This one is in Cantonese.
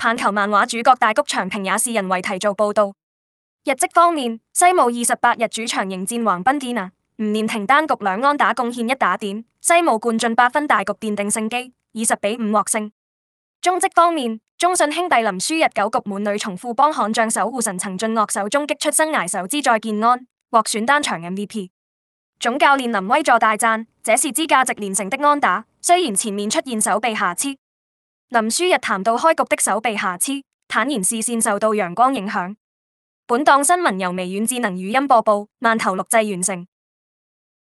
棒球漫畫主角大谷翔平也是人為題做報道。日職方面，西武二十八日主場迎戰橫濱建雅，吳念庭單局兩安打貢獻一打點，西武灌進八分大局奠定勝機，二十比五獲勝。中職方面，中信兄弟林書逸九局滿壘從富邦悍將守護神陳俊樂手中擊出生涯首支再見安，獲選單場 MVP。總教練林威助大讚這是支價值連城的安打，雖然前面出現手臂瑕疵。林書日談到開局的手臂瑕疵，坦言視線受到陽光影響。本檔新聞由微軟智能語音播報，慢頭錄製完成。